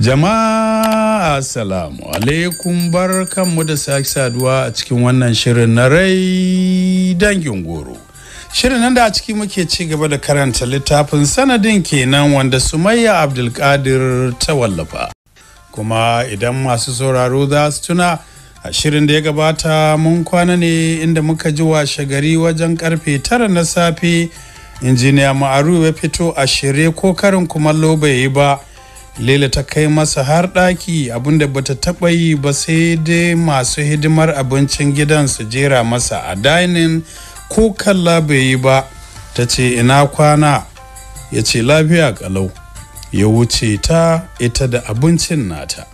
Jama'a Assalamu alaikum bar kanmu da sake saduwa a cikin wannan shirin na rai dangin goro. Shirin nan da a ciki muke ci gaba da karanta littafin sanadin kenan wanda Sumayya Abdulkadir ta wallafa. Kuma idan masu sauraro za su tuna a shirin da ya gabata mun kwana ne inda muka ji washe gari wajen karfe tara na safe injiniya ma'aru ya fito a shirye ko karin kumallo bai yi ba. Lele ta kai masa har ɗaki abinda bata taɓa yi ba sai dai masu hidimar abincin gidan su jera masa a dining ko kalla bai yi ba ta ce ina kwana ya ce lafiya kalau ya wuce ta ita da abincin nata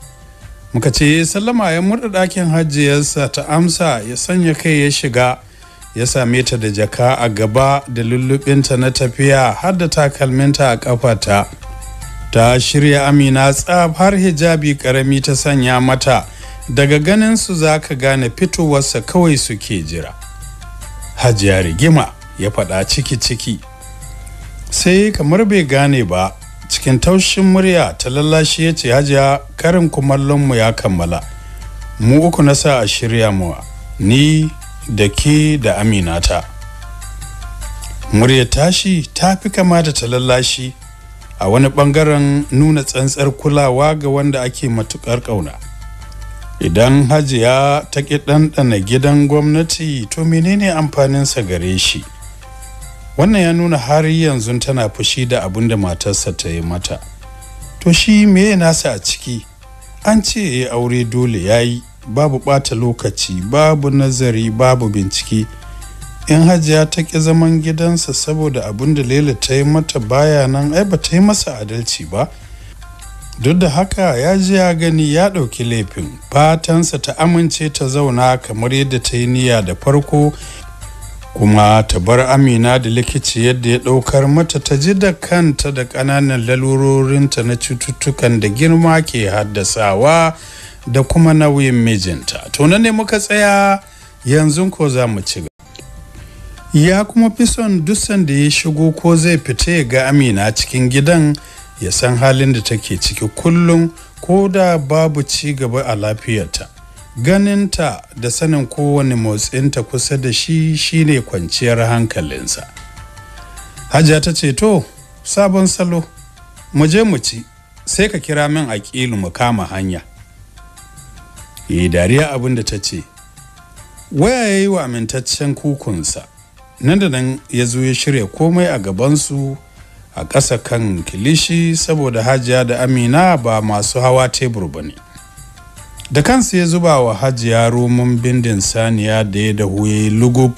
muka ce eh, sallama ya murda ɗakin hajjiyarsa ta amsa ya sanya kai ya shiga ya same ta da jaka a gaba da lullubinta na tafiya har da takalminta a kafata ta shirya amina tsab har hijabi karami ta sanya mata daga ganin su za ka gane fitowarsa kawai suke jira hajiya rigima ya faɗa ciki-ciki sai kamar bai gane ba cikin taushin murya ta lallashi ya ce hajiya karin kumallonmu ya kammala mu uku na sa a shirya mu ni da ke da aminata murya tashi ta fi kama da ta lallashi a wani bangaren nuna tsantsar kulawa ga wanda ake matukar kauna idan hajiya ta ki ɗanɗana gidan gwamnati to menene amfaninsa gare shi wannan ya nuna har yanzu tana fushi da abin da matarsa ta yi mata to shi meye nasa a ciki an ce ya aure dole ya yi babu ɓata lokaci babu nazari babu bincike in hajiya ta ƙi zaman gidansa saboda abin da lela ta yi mata baya nan ai ba ta yi masa adalci ba duk da haka ya ji ya gani ya ɗauki laifin fatansa ta amince ta zauna kamar yadda ta yi niyya da farko kuma ta bar amina da likici yadda ya ɗaukar mata ta ji da kanta da ƙananan lalurorinta na cututtukan da girma ke haddasawa da kuma nauyin mijinta to ne muka tsaya yanzu ko za mu ci gaba? ya kuma fi son duk sanda ya shigo ko zai fita ya ga amina cikin gidan ya san halin da take ciki kullum ko da babu ci gaba a lafiyarta ganinta da sanin kowane motsinta kusa da shi shine kwanciyar hankalinsa hajja ta ce to sabon salo mu je mu ci sai ka kira min aƙilu mu kama hanya yi dariya abin da ta ce waya ya yi wa amintaccen kukunsa nan da nan ya zo ya shirya komai a gabansu a ƙasa kan kilishi saboda hajiya da amina ba masu hawa tebur ba ne da kansa ya zuba wa hajiya roman bindin saniya da ya dahu ya yi lugub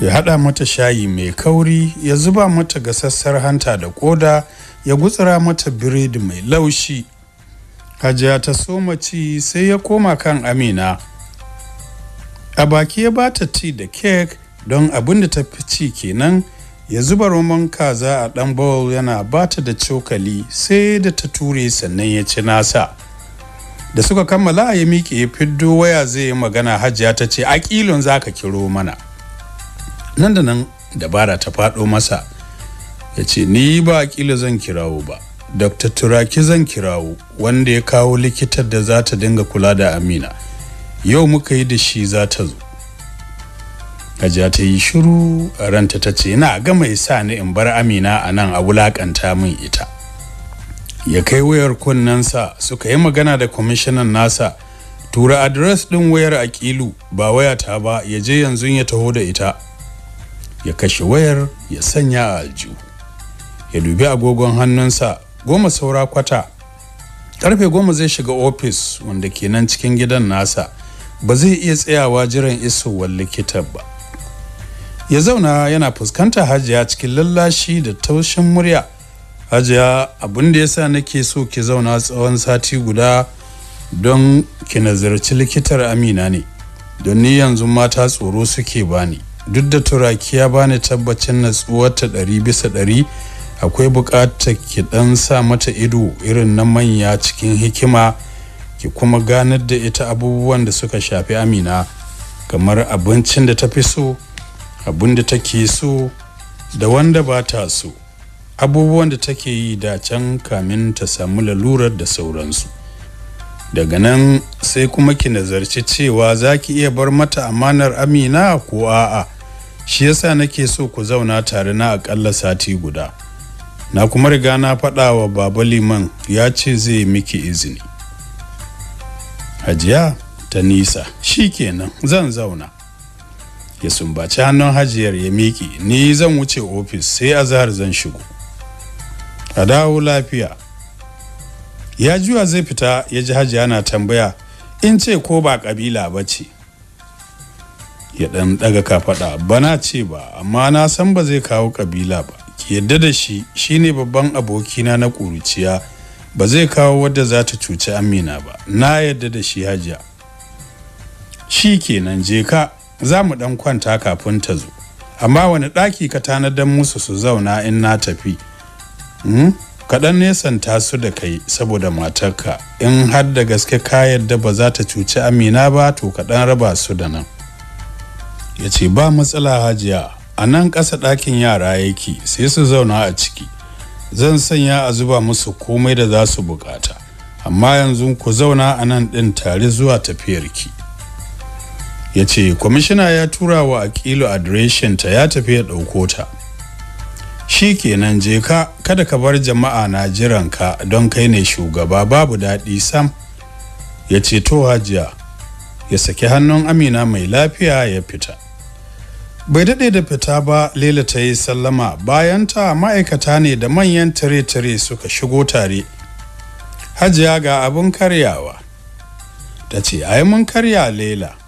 ya haɗa mata shayi mai kauri ya zuba mata gasassar hanta da koda ya gutsura mata biredi mai laushi hajiya ta soma ci sai ya koma kan amina a baki ya bata ti da kek don abin da ta fi ci kenan ya zuba roman kaza a ɗan bowl yana bata da cokali sai da ta ture sannan ya ci nasa da suka kammala ya miƙe ya fiddo waya zai yi magana hajiya ta ce a ƙilon za ka kiro mana nan da nan dabara ta faɗo masa ya ce ni ba ƙila zan kirawo ba dr turaki zan kirawo wanda ya kawo likitar da za ta dinga kula da amina yau muka yi da shi za ta zo Hajiya ta yi shiru ranta ta ce na ga mai sa ni in bar Amina a nan a wulakanta min ita. Ya kai wayar kunnensa suka yi magana da kwamishinan nasa tura adres ɗin wayar Akilu ba wayata ba ya je yanzu ya taho da ita. Ya kashe wayar ya sanya a aljihu. Ya dubi agogon hannunsa goma saura kwata. Karfe goma zai shiga ofis wanda kenan cikin gidan nasa. Ba zai iya tsayawa jiran isowar likitan ba. ya zauna yana fuskanta hajiya cikin lallashi da taushin murya hajiya abin da yasa nake so ki zauna tsawon sati guda don ki nazarci likitar amina ne don ni yanzu mata tsoro suke bani duk da turaki ya bani tabbacin natsuwarta ɗari bisa ɗari akwai buƙatar ki ɗan sa mata ido irin na manya cikin hikima ki kuma ganar da ita abubuwan da suka shafi amina kamar abincin da ta fi so abun da take so da wanda ba ta so abubuwan da take yi da can kamin ta samu lalurar da sauransu daga nan sai kuma ki nazarci cewa za ki iya bar mata amanar amina ko a'a shi yasa nake so ku zauna tare na akalla sati guda na kuma riga na faɗa wa baba liman ya ce zai miki izini hajiya ta nisa shi kenan zan zauna ya sumbaci hannun hajiyar ya miƙe ni zan wuce ofis sai a zahar zan shigo a dawo lafiya ya juya zai fita ya ji hajiya na tambaya in ce ko ba ƙabila ba ce ya ɗan ɗaga kafaɗa bana ce ba amma na san ba zai kawo ƙabila ba ki yadda da shi shine babban abokina na ƙuruciya ba zai kawo wadda za ta cuci amina ba na yadda da shi hajiya shi kenan je ka za mu ɗan kwanta kafin ta zo amma wani ɗaki ka tanadar musu su zauna in na tafi hmm? nesa nesanta su da kai saboda matar ka, in har da gaske ka yadda ba za ta cuci amina ba to kaɗan raba su da nan ya ce ba matsala hajiya a nan ƙasa ɗakin yara yake sai su zauna a ciki zan sanya a zuba musu komai da za su bukata amma yanzu ku zauna a nan ɗin tare zuwa tafiyarki ya ce kwamishina ya tura wa akilu adireshin ta ya tafi ya ɗauko ta shi kenan je ka kada ka bar jama'a na jiranka don kai ne shugaba babu daɗi sam ya ce to hajiya ya saki hannun amina mai lafiya ya fita bai daɗe da fita ba lela ta yi sallama bayan ta ma'aikata ne da manyan tare-tare suka shigo tare hajiya ga abin karyawa ta ce ai mun karya lela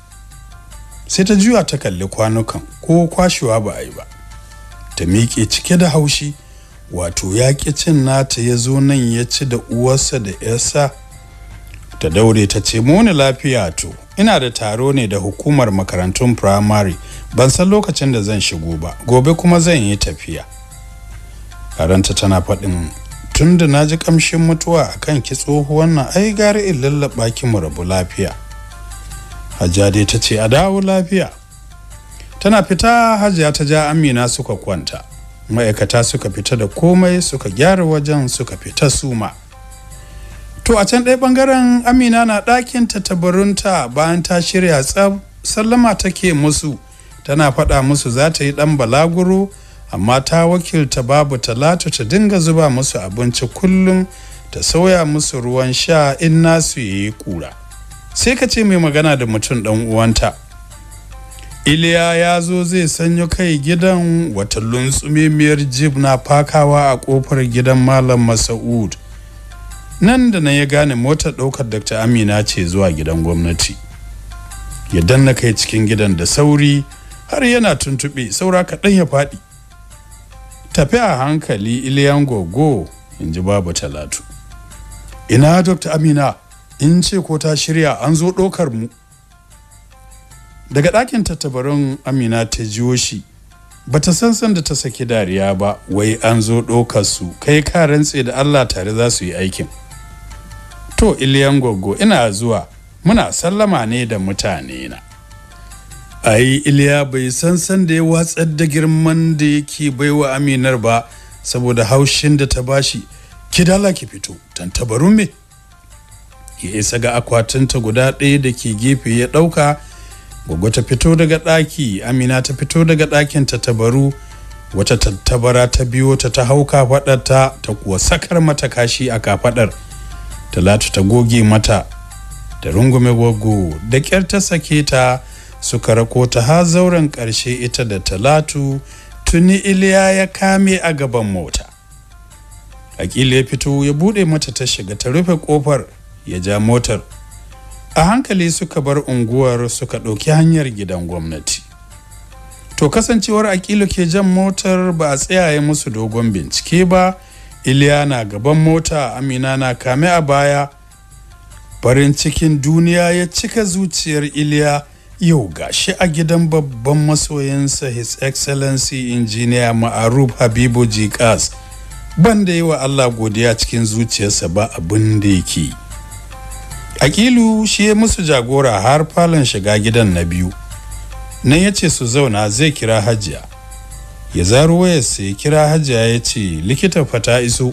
sai ta juya ta kalli kwanukan ko kwashewa ba a yi ba ta miƙe cike da haushi wato ya ƙi cin nata ya zo nan ya ci da uwarsa da yarsa ta daure ta ce muni lafiya to ina da taro ne da hukumar makarantun firamare ban san lokacin da zan shigo ba gobe kuma zan yi tafiya karanta tana faɗin Tunda na ji ƙamshin mutuwa akan ki tsohuwan nan ai gari in lallaɓa ki mu rabu lafiya hajjade ta ce a dawo lafiya tana fita hajiya ta ja amina suka kwanta ma'aikata suka fita da komai suka gyara wajen suka fita suma to a can ɗaya ɓangaren amina na ɗakin ta tabarunta bayan ta shirya tsab sallama take musu tana faɗa musu za ta yi ɗan balaguro amma ta wakilta babu talatu ta dinga zuba musu abinci kullum ta sauya musu ruwan sha in nasu ya yi kura sai ka ce mai magana da mutum ɗan uwanta iliya ya zo zai sanyo kai gidan wata luntsumemiyar jib na fakawa a ƙofar gidan malam masa'ud nan da na ya gane motar ɗaukar dr amina ce zuwa gidan gwamnati ya danna kai cikin gidan da sauri har yana tuntuɓe saura kaɗan ya faɗi tafi a hankali iliyan gogo in ji babu talatu ina dr amina in ce ko ta shirya an zo ɗaukar mu daga ɗakin tattabarin amina ta jiyo shi ba ta san san da ta saki dariya ba wai an zo ɗaukar su kai ka rantse da allah tare za su yi aikin to iliyan goggo ina zuwa muna sallama ne da mutane na ai iliya bai san san da ya watsar da girman da yake baiwa aminar ba saboda haushin da ta bashi ki dala ki fito tantabarun me ya isa ga akwatinta guda ɗaya da ke gefe ya ɗauka gwaggo ta fito daga ɗaki amina ta fito daga ɗakin ta tabaru wata tattabara ta biyo ta ta hau kafaɗarta ta kuwa sakar mata kashi a kafaɗar talatu ta goge mata da rungume gwaggo da ƙyar ta sake ta suka rako ta ha zauren ƙarshe ita da talatu tuni iliya ya kame a gaban mota akila ya fito ya buɗe mata ta shiga ta rufe ƙofar ya ja motar a hankali suka bar unguwar suka ɗauki hanyar gidan gwamnati to kasancewar akilu ke jan motar ba a tsayaye musu dogon bincike ba iliya na gaban mota amina na kame a baya farin cikin duniya ya cika zuciyar iliya yau gashi a gidan babban masoyinsa his excellency engineer ma'aruf habibu jikas banda yi wa allah godiya cikin zuciyarsa ba abin da yake akilu shi ya musu jagora har falon shiga gidan na biyu nan ya ce su zauna zai kira hajiya ya zaro sai ya kira hajiya ya ce likita fa ta iso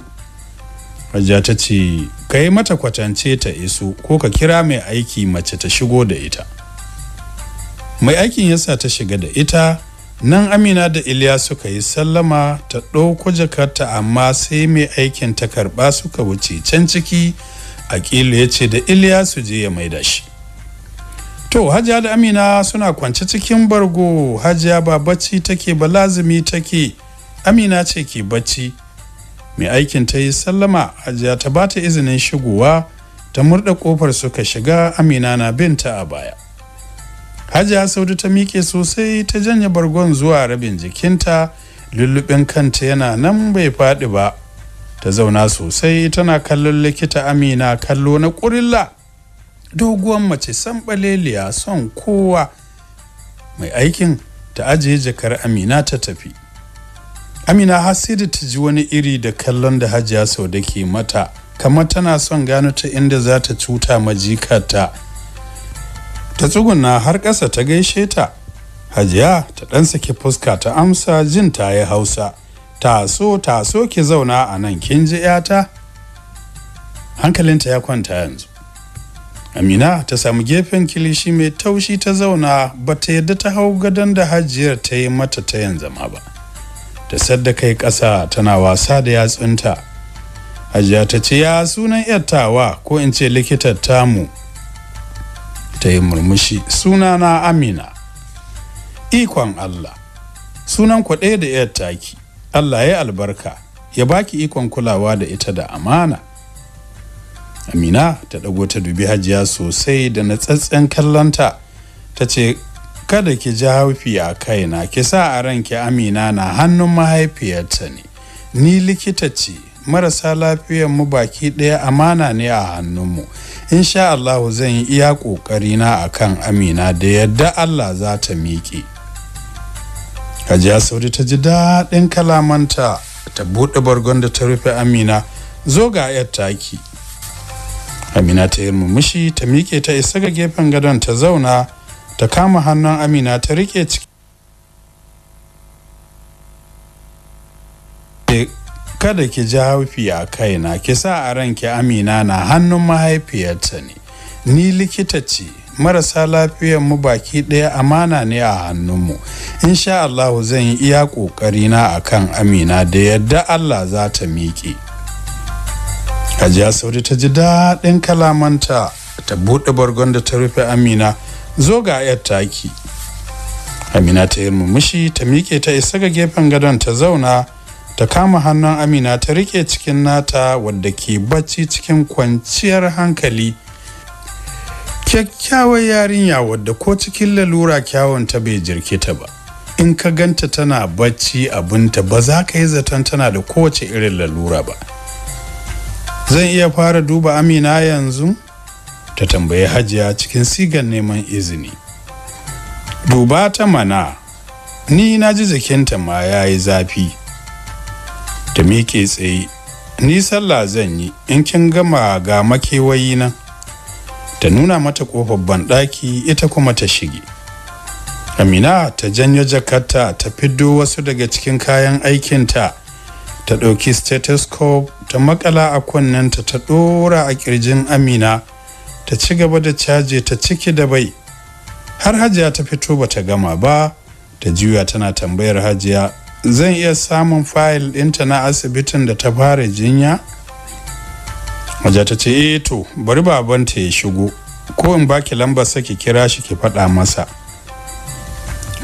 hajiya ta ce ka yi mata kwatance ta iso ko ka kira mai aiki mace ta shigo da ita mai aikin yasa ta shiga da ita nan amina da iliya suka yi sallama ta ɗauko jakarta amma sai mai aikin ta karɓa suka wuce can ciki aƙilu ya ce da Iliya su je ya maida shi to hajiya da amina suna kwance cikin bargo hajiya ba bacci take ba lazumi take amina ce ke bacci mai aikin ta yi sallama hajiya ta ba ta izinin shigowa ta murda kofar suka shiga amina na bin ta a baya hajiya saudu ta miƙe sosai ta janye bargon zuwa rabin jikinta lullubin kanta yana nan bai faɗi ba ta zauna sosai tana kallon likita amina kallo na ƙurilla doguwan mace san sanɓaleliya son kowa mai aikin ta ajiye jakar amina ta tafi amina har sai da ta ji wani iri da kallon da hajiya sau da ke mata kamar tana son gano ta inda za ta cuta majikarta ta tsuguna har ƙasa ta gaishe ta hajiya ta ɗan saki fuska ta amsa jin ta yi hausa taso taso ki zauna a nan kin ji yata hankalinta ya kwanta yanzu amina ta samu gefen kilishi mai taushi ta zauna ba ta yadda ta hau gadon da hajiyar ta yi mata ta yin zama ba ta sadda kai ƙasa tana wasa da yatsunta hajiya ta ce ya sunan yattawa ko in ce likitar tamu ta yi murmushi sunana amina ikon allah sunan kwaɗe da yattaki Allah ya yi albarka ya baki ikon kulawa da ita da amana amina ta ɗago ta dubi hajiya sosai da na natsatsen kallonta ta ce kada ki ji haufi a kaina ki sa a ranki amina na hannun mahaifiyarta ne ni likita ce marasa lafiyar mu baki ɗaya amana ne a hannunmu insha Allahu zan yi iya ƙoƙarina kan amina da yadda Allah za ta miƙe hajiya saudi ta ji daɗin kalamanta ta buɗe bargon da ta rufe amina zo ga yar taki amina ta yi murmushi ta miƙe ta isa ga gefen gadon ta zauna ta kama hannun amina ta riƙe ciki kada ki ji haifi a kaina ki sa a ranki amina na hannun mahaifiyarta ne ni likita ce marasa lafiyar mu baki ɗaya amana ne a hannunmu insha Allahu zan yi iya ƙoƙari na akan amina da yadda Allah za ta miƙe hajiya saudi ta ji daɗin kalamanta ta buɗe bargon da ta rufe amina zo ga yar taki amina ta yi murmushi ta miƙe ta isa ga gefen gadon ta zauna ta kama hannun amina ta rike cikin nata wadda ke bacci cikin kwanciyar hankali kyakkyawar yarinya wadda ko cikin lalura kyawun ta bai jirkita ba in ka ganta tana bacci abinta ba za ka yi zaton tana da kowace irin lalura ba zan iya fara duba amina yanzu ta tambayi hajiya cikin sigan neman izini duba ta mana ni na ji jikinta ma ya yi zafi ta miƙe tsaye ni sallah zan yi in kin gama ga makewayi nan ta nuna mata kofar banɗaki ita kuma ta shige amina ta janyo jakarta ta fiddo wasu daga cikin kayan aikin ta ta ɗauki stethoscope ta makala a kunnenta ta ɗora a ƙirjin amina ta ci gaba da caje ta ciki da bai har hajiya ta fito bata gama ba ta juya tana tambayar hajiya zan iya samun fayil ɗinta na asibitin da ta fara jinya Hajiya ta ce eh to bari babanta ya shigo ko in baki lambar sa ki kira shi ki faɗa masa.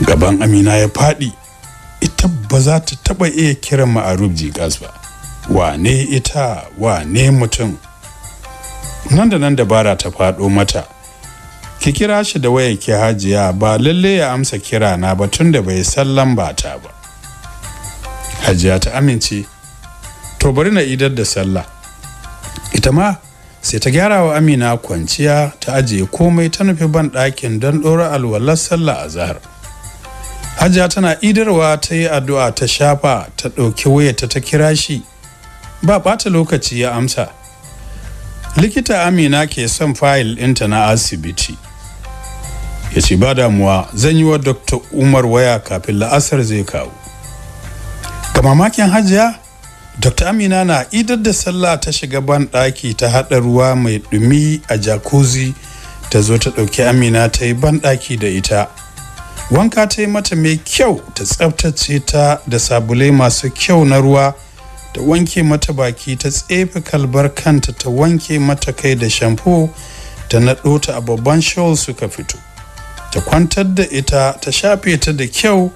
Gaban Amina ya faɗi ita ba za ta taɓa iya kiran ma'arub jigas ba. Wane ita wane mutum. Nan da nan dabara ta faɗo mata. ki kira shi da waya ki hajiya ba lalle ya amsa kira na ba tun da bai san lamba ta ba hajiya ta amince to bari na idar da sallah ita ma sai ta gyara wa amina kwanciya ta ajiye komai ta nufi ban ɗakin don ɗora alwalar sallah a zahar hajja tana idarwa ta yi addu'a ta shafa ta ɗauki wayarta ta kira shi ba ɓata lokaci ya amsa likita amina ke son fayil ɗinta na asibiti ya ce ba damuwa zan yi wa dr umar waya kafin la'asar zai kawo ga mamakin hajiya dr amina na idar da sallah ta shiga ban ɗaki ta haɗa ruwa mai ɗumi a jacuzzi ta zo ta ɗauki amina ta yi ban ɗaki da ita wanka ta yi mata mai kyau ta tsaftace ta da sabulai masu kyau na ruwa ta wanke mata baki ta tsefe kalbar kanta ta wanke mata kai da shamfo ta naɗo ta a babban shawl suka fito ta kwantar da ita ta shafe ta da kyau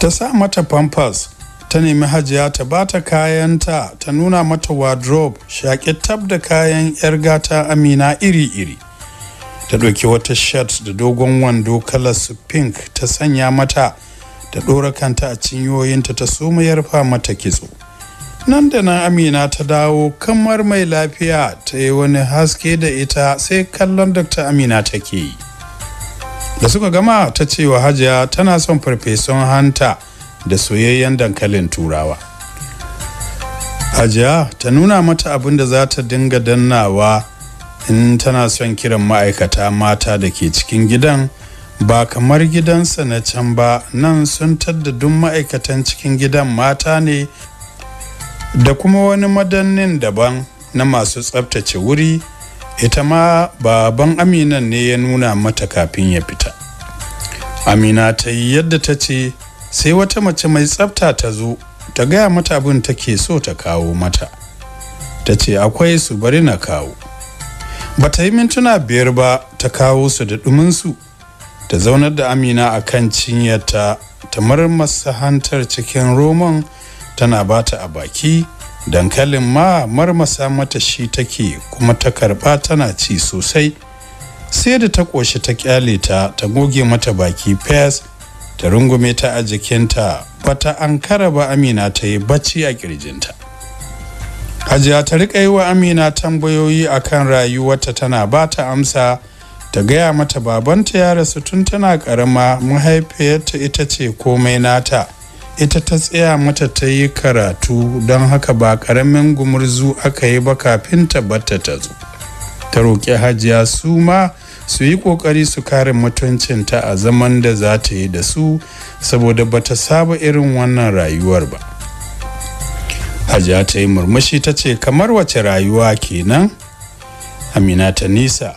ta sa mata pampers ta nemi hajiya ta ba ta kayanta ta nuna mata wardrobe shaƙi tab da kayan 'yar gata amina iri-iri ta ɗauki wata shirt da dogon wando kalas pink ta sanya mata ta ɗora kanta a cinyoyinta ta soma yarfa mata kitso nan da nan amina ta dawo kamar mai lafiya ta yi wani haske da ita sai kallon dr amina take yi da suka gama ta ce wa hajiya tana son farfesun hanta da soyayyen dankalin turawa hajiya ta nuna mata abin da za ta dinga dannawa in tana son kiran ma'aikata mata da ke cikin gidan ba kamar gidansa na can ba nan sun tadda duk ma'aikatan cikin gidan mata ne da kuma wani madannin daban na masu tsabtace wuri ita ma baban aminan ne ya nuna mata kafin ya fita amina ta yi yadda ta ce sai wata mace mai tsafta ta zo ta gaya mata abin take so ta kawo mata ta ce akwai su bari na kawo ba ta yi mintuna biyar ba ta kawo su da ɗuminsu ta zaunar da amina a kan cinyarta ta marmasa hantar cikin roman tana bata a baki dankalin ma marmasa mata shi take kuma ta karba tana ci sosai sai da ta ƙoshi ta kyale ta ta goge mata baki fes ta rungume ta a jikinta bata ankara ba amina ta yi bacci a kirjinta hajiya ta riƙa yi wa amina tambayoyi a kan rayuwarta tana ba ta amsa ta gaya mata babanta ya rasu tun tana karama mahaifiyarta ita ce komai nata ita ta tsaya mata ta yi karatu don haka ba karamin gumurzu aka yi ba kafin ta bata ta zo ta roƙi hajiya su ma su yi kokari su kare mutuncinta a zaman da za ta yi da su saboda bata saba irin wannan rayuwar ba hajiya ta yi murmushi ta ce kamar wace rayuwa kenan amina ta nisa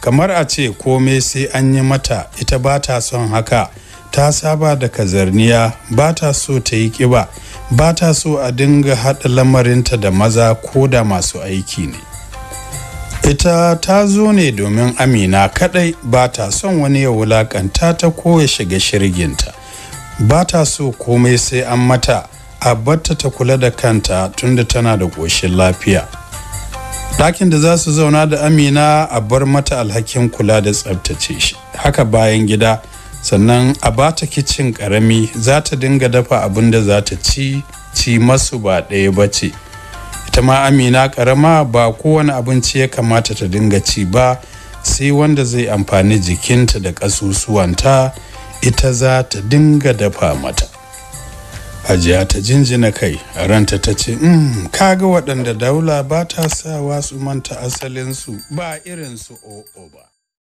kamar a ce kome sai an yi mata ita ba ta son haka ta saba da kazarniya ba ta so ta yi kiba ba ta so a dinga haɗa lamarinta da maza ko da masu aiki ne ita ta zo ne domin amina kadai ba ta son wani ya wulakanta ta ko ya shiga shirginta ba ta so komai sai an mata a batta ta kula da kanta tunda tana da ƙoshin lafiya ɗakin da za su zauna da amina a bar mata alhakin kula da tsabtace shi haka bayan gida sannan a ba ta kicin ƙarami za ta dinga dafa abin da za ta ci ci masu ba ɗaya ba ce ita ma amina karama ba kowane abinci ya kamata ta dinga ci ba sai wanda zai amfani jikinta da ƙasusuwanta ita za ta dinga dafa mata hajiya ta jinjina kai ranta ta ce mm, kaga waɗanda daula ba ta sawa su manta asalinsu ba irinsu o'o ba